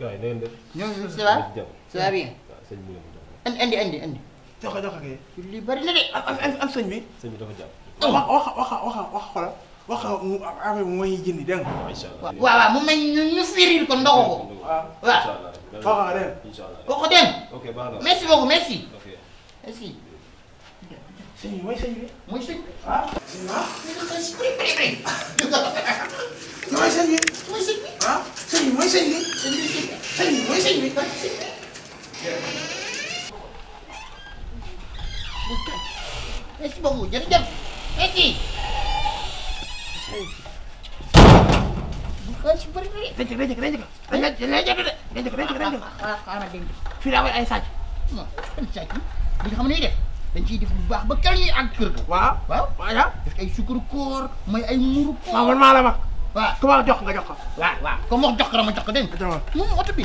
waaw na ngeen def. ñooñu ça va ça va bien. waaw ah, sëñ bi la andi andi andi. joxe joxe kay. li bari na de. am sëñ bi. sëñ bi dafa jàpp. Oh. wax wax wax wax xoolal wax affaire bi mooy jënd dégg nga. incha allah waaw waaw mu mel ñu ñu firil ko ndogu ko. Ah. waaw waaw. incha allah wax dem. ok baax na merci beaucoup merci. ok merci. sëñ bi mooy sëñ bi. mooy sëñ bi. ah. mooy sëñ bi. mooy sëñ bi. ah sëñ bi mooy sëñ bi. Kardeşim lütfen. Messi boobu jërëjëf Messi. ah si bëri bëri. day jëkk day jëkk day jëkk dañ lay dañ lay jëkk de day jëkk day jëkk day jëkk. ah xaaral dégg nga. fii daa ay sàcc. non seen sàcc li nga xam ne ñuy def dañ ciy def bu baax ba kenn ñuy àgg kër ga. waaw waaw waaw. def ay sukkur koor mooy ay muuru koor. waaw man maa la wax. waaw ku ma jox nga jox ko. waaw waaw comme wax jox ko dama jox ko dégg nga. moom oto bi.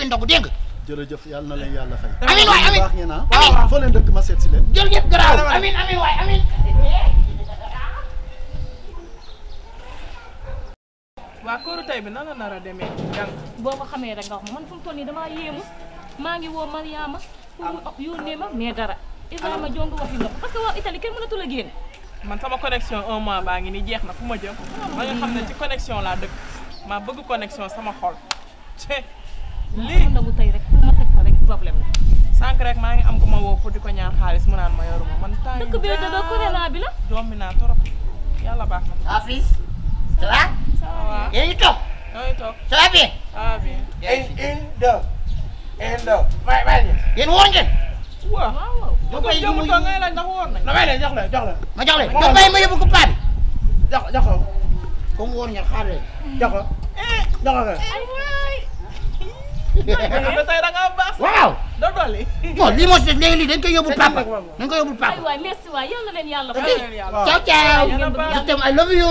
fi ndogu dégg nga jërëjëf yàlla na ah. dëkk ma seet si waa kóoru tey bi nan la nar demee jàng boo ko xamee rek nga wax man fu toll nii damaa yéemu maa ngi woo Mariama pour mu ma mais dara Ibrahima ah. jongu waxi nga parce waa Italie kenn mënatul a génn man sama connexion un mois baa ngi ni jeex na fu ma jëm ah, ma nga xam ne ci connexion laa dëkk maa bëgg connexion sama xol lii ndogu tey rek pour ma teg ko rek problème la. sànq rek maa ngi am ku ma woo pour di ko ñaan xaalis mu naan ma yoruma man. temps yii dëkk bi dëgg corona bi la. doom bi naa trop yàlla baax na. office. ça va. ça va yéen ñu toog. ñooñu toog ça va bien. ça va bien. une deux. une deux. bàyyi bàyyi yéen woor ngeen. waaw waaw. ma koy yóbbu toog ngay laaj ndax woor nañ. damay leen jox leen jox leen. ma jox leen jox bàyyi ma yóbbu ko paa bi. jox jox ko. comme woor ngeen xaar leen. jox ko. Eh. jox ko. tey da nga baax. waaw doo dolli. bon lii moo si léegi lii dañ koy yóbbu papa dañ koy yóbbu papa. aywa merci waay yal na leen yàlla. yal na leen yàlla ciao ciao. itam I love you.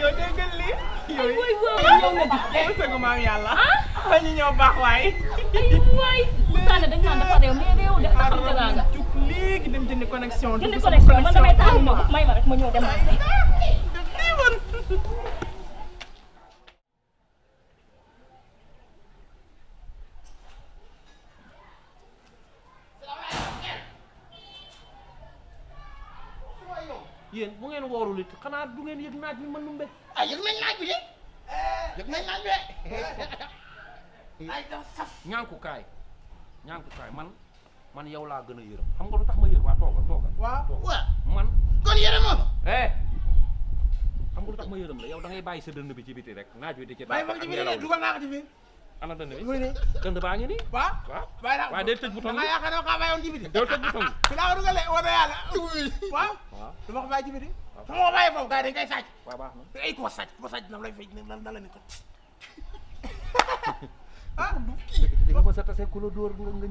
yow dégg nga lii. aywaay waay maam yàlla. ah ñu ñëw baax waay. aywaay. daanaka dañu naan dafa réew mais réew de xam nga léegi dem jëndi connexion. jëndi connexion man damay taal ma may ma rek ma ñëw dem yéen bu ngeen woorul it xanaa du ngeen yëg naaj bi mën num de ah yëg nañ naaj bi de eh. yëg nañ naaj bi de kaay man man yow laa gën a yërëm xam nga lu tax ma yërëm waa toogal toogal waaw waaw man kon yërëmoo ma eh xam nga lu tax ma yërëm la yow da ngay bàyyi sa dënn bi ci biti rek naaj bi di ci bàyyi ba ci biti dugal naa ko ci biir ana dënd bi muy nii dënd baa ngi nii. waaw waaw waaw tëj bu tong bi da nga yaakaar ne kaa bàyyoon ji bi de. day tëj bu tong bi. a gëlee wala yàlla. waaw du ma ko bàyyi ji bi de. waaw su ma ko bàyyee ay ko sàcc ko sàcc nan lay fay ah. du kii. nga mos a tase ku la dóor nga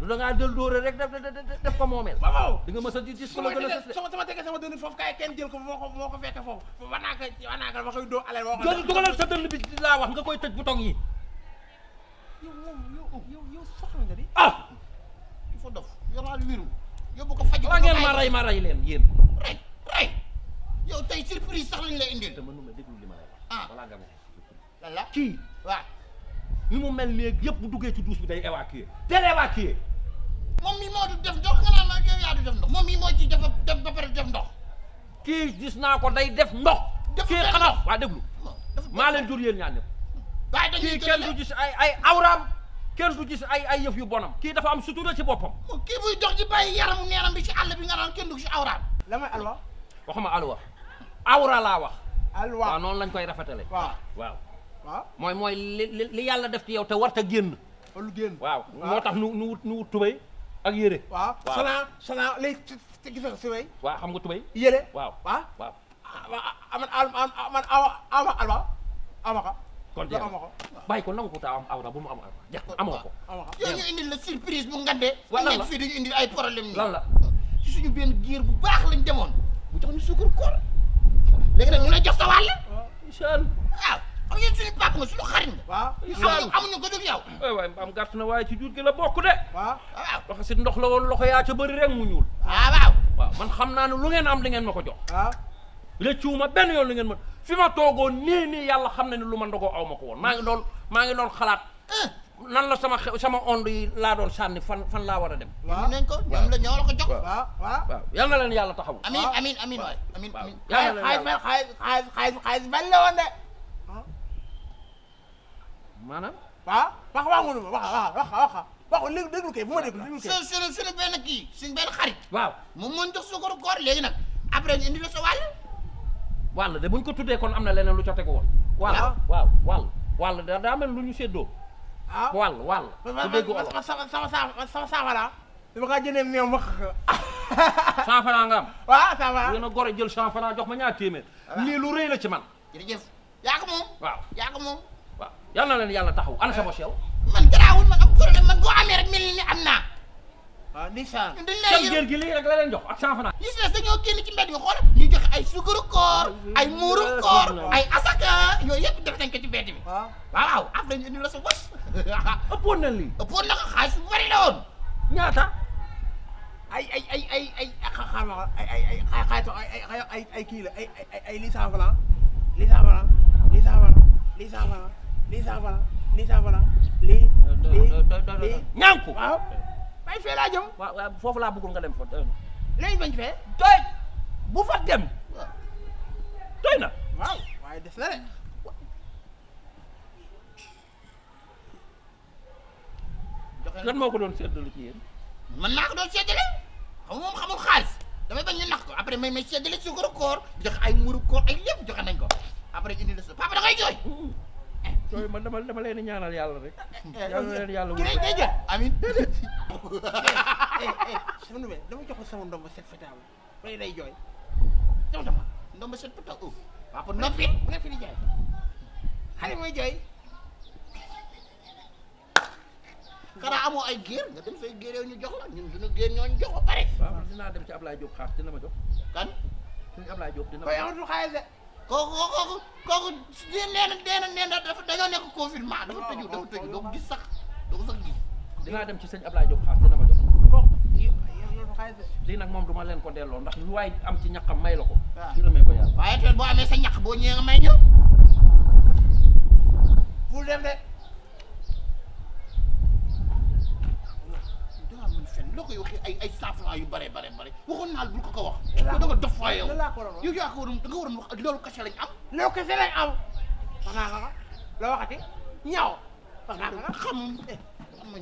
du da ngaa jël dóore rek def def ko moomeel. waaw di nga mës a gis ko la gën a. sama sama teggee sama dënn foofu kaay kenn jël ko moo ko moo ko fekk foofu war naa ma koy doo alal. woo ko dugalal sa dënn bi laa wax nga koy tëj bouton yi. yow yow yow yow soxla nga di. ah. il faut dof yoraal wiru yóbbu ko faj. waa ngeen ma rey ma rey leen yéen. rey rey li ma lay wax. ah ni mu mel néeg yëpp bu duggee ci douche bi day évacuer teel évacuer moom mi moo du def ndox nga moom yi moo ci def def ba pare def ndox kii gis naa ko day def ndox kii xanaa waa déglu maa jur yéen ñaan ñëpp waaye kii kenn du gis ay ay awraam kenn du gis ay ay yëf yu bonam kii dafa am sutura ci boppam kii buy dox ci bàyyi yaramu neenam bi ci àll bi nga naan kenn du gis awraam la may alwa waxuma alwa laa wax alwa waaw noonu lañ koy rafetale waaw mooy mooy li li yàlla def ci yow te warta génn lu génn waaw moo tax nu nu wut nu wut tubay ak yére waaw sana sana léegi gis nga tubay waaw xam nga tubay yére waaw waaw waaw aman ah, a ah, ah, man awa awa alba amaka kon jeex na bàyyi ko nangu ko taa am awra bu mu am awra jeex amoo ko yow ñu indil la surprise bu ngandee lan la fii dañu indil ay problème nii lan la ci suñu benn giir bu baax lañ demoon bu jox ñu suukar koor léegi nag mu lay jox sa wàll incha allah waaw yow yéen suñu papa nga suñu xarit nga. waaw amuñu amuñu ko jóg yow. waaye mbaam gàtt na waaye ci jur gi la bokk de. waaw waaw loxo si ndox la woon loxo yaa ca bëri rek mu ñuul. waaw waaw. waaw man xam naa ne lu ngeen am di ngeen ma ko jox. waaw rëccuwuma benn yoon li ngeen ma fi ma toogoo nii nii yàlla xam na ne lu ma ndogoo aw ma ko woon maa ngi doon maa ngi doon xalaat. Eh. nan la sama sama onde yi laa doon sànni fan fan laa war a dem. waaw nañ ko ñoom la ñoo la ko jox. waaw waaw yal na leen yàlla taxawu. amiin amiin amiin waay amiin amiin. waaw yal na leen yàlla xaalis xaalis xaalis xaalis xaalis bañ la woon de. maanaam. ah wax waxuñu ma wax wax wax wax léegi déglu kay bu ma déglu déglu kay. su su suñu benn kii suñu benn xarit. waaw moom moo ñu jox suukaru koor léegi nag après ñu indi la sa wàll. wàll de bu ñu ko tuddee kon am na leneen lu ca tegu woon. waaw waaw wàll wàll da daa mel lu ñu séddoo. ah wàll wàll. bu dégg wàll man sama sama sama saafara. dama kaa jëndee meew wax. cent franc nga am. waaw cent franc yéen a góor a jël cent franc jox ma ñaar téeméer. lii lu rëy la ci man. jërëjëf yaa ko moom. waaw yaa ko moom. yal na leen yàlla taxaw ana sa bos man garaawul man am problème man boo amee rek mel ni am naa. waaw la yow ak cent franc. li si des dañoo génn ci mbedd bi xool ay sukaru koor ay muuru koor ay asaka yooyu yëpp def nañ ko ci mbedd bi. waaw waaw am nañu indi la sa bos. ëppoon ay ay ay ay ay xaaral ma ay ay ay lii cent franc lii cent franc lii lii lii ñànku waaw bay fee laa jëm waaw foofu laa bëggul nga dem fa léegi bañ fee doy bu fa dem doy na waaw waaye des na de lan moo ko doon séddale ci yéen man naa ko doon séddale xam moom xamul xaalis damay bañ ñu nax ko après may may séddale suukaru koor jox ay muru koor ay lépp joxe nañ ko après indi la su papa da jooy yooyu man dama dama leen ñaanal yàlla rek. Eh, yàlla na eh, leen yàlla wóor kii rek amin déedéet. Eh, sama numéro dama jox ko sama ndomba set fa taamu bay day jooy. dama dafa ndomba set fa taamu. waaw kon amoo ay géer nga dem say géer ñu jox la ñun suñu géer ñooñu jox ba pare. dinaa dem ci Ablaye Diop xaas dina ma jox. kan suñu Ablaye Diop dina ma jox. kooku kooku kooku nee na nee na nee na dafa dañoo nekk confinement dafa tëju dafa tëju doo ko gis sax doo ko sax gis. dinaa dem ci sëñ Ablaye Diop xaas dina ma jox kooku lii nag moom duma leen ko delloo ndax lu waay am ci ñaqam may la ko. waaw ah. may ko yàlla waaye boo amee sa ñaq boo ñëwee may ñëw. déplacement yu bare bare bare waxoon naa bul ko ko wax. da nga dof fa yow yow yaa ko waroon da nga am. loolu kese am. wax naa ko la waxati ñaw wax naa ko la xam eh, xam ma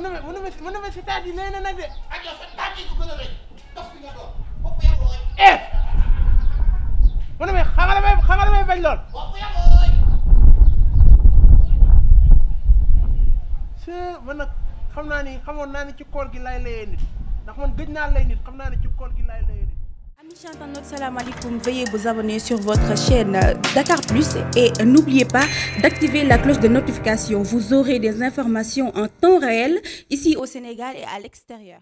mën ma na ma si taat yi nee na nag de. ak yow sa taat yi a rëy dof bi nga doon bopp yaa eh! ma xamal ma ma bañ lool. bopp yaa ko xam naa ni xamoon naa ni ci koor gi lay layee ndax man naa lay xam naa ni ci koor gi lay layee nit. amis internautes salaamaaleykum veuillez vous abonner sur votre chaîne Dakar Plus et n'oubliez pas d'activer la cloche de notification vous aurez des informations en temps réel ici au Sénégal et à l'extérieur